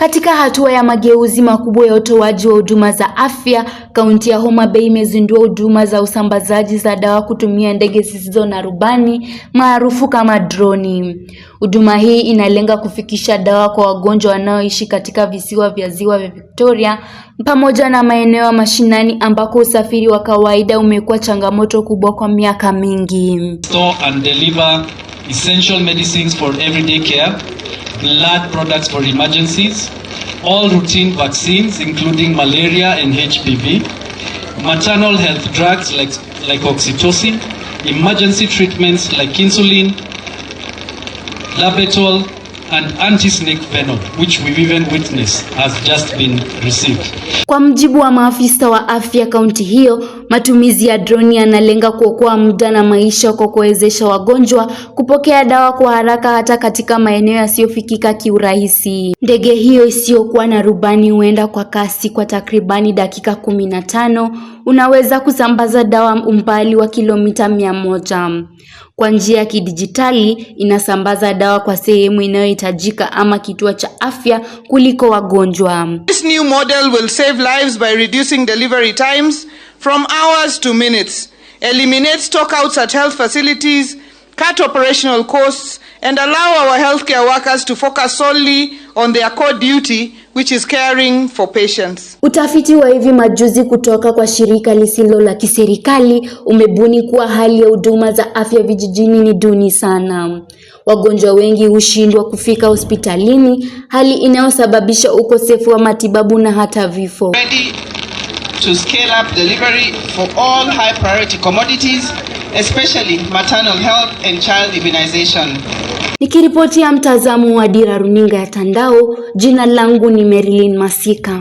Katika hatua ya mageuzi makubwa ya utoaji wa huduma za afya, kaunti ya Homa Bay imezindua huduma za usambazaji za dawa kutumia ndege zisizo na rubani maarufu kama droni. Huduma hii inalenga kufikisha dawa kwa wagonjwa wanaoishi katika visiwa vya ziwa vya Victoria pamoja na maeneo ya mashinani ambako usafiri wa kawaida umekuwa changamoto kubwa kwa miaka mingi. Store and deliver essential medicines for everyday care. blood products for emergencies, all routine vaccines, including malaria and HPV, maternal health drugs like, like oxytocin, emergency treatments like insulin, labetalol, an anti-snake venom which we even witnessed has just been received. Kwa mjibu wa maafisa wa afya kaunti hiyo, matumizi ya droni yanalenga kuokoa muda na maisha kwa kuwezesha wagonjwa kupokea dawa kwa haraka hata katika maeneo yasiyofikika kiurahisi. Ndege hiyo isiyokuwa na rubani huenda kwa kasi kwa takribani dakika kumi na tano. Unaweza kusambaza dawa umbali wa kilomita mia moja. Kwa njia ya kidijitali inasambaza dawa kwa sehemu inayo kinachohitajika ama kituo cha afya kuliko wagonjwa. This new model will save lives by reducing delivery times from hours to minutes, eliminate stockouts at health facilities, cut operational costs and allow our healthcare workers to focus solely on their core duty which is caring for patients. Utafiti wa hivi majuzi kutoka kwa shirika lisilo la kiserikali umebuni kuwa hali ya huduma za afya vijijini ni duni sana. Wagonjwa wengi hushindwa kufika hospitalini, hali inayosababisha ukosefu wa matibabu na hata vifo. Ready to scale up delivery for all high priority commodities, especially maternal health and child immunization. Nikiripotia mtazamo wa Dira Runinga ya Tandao, jina langu ni Marilyn Masika.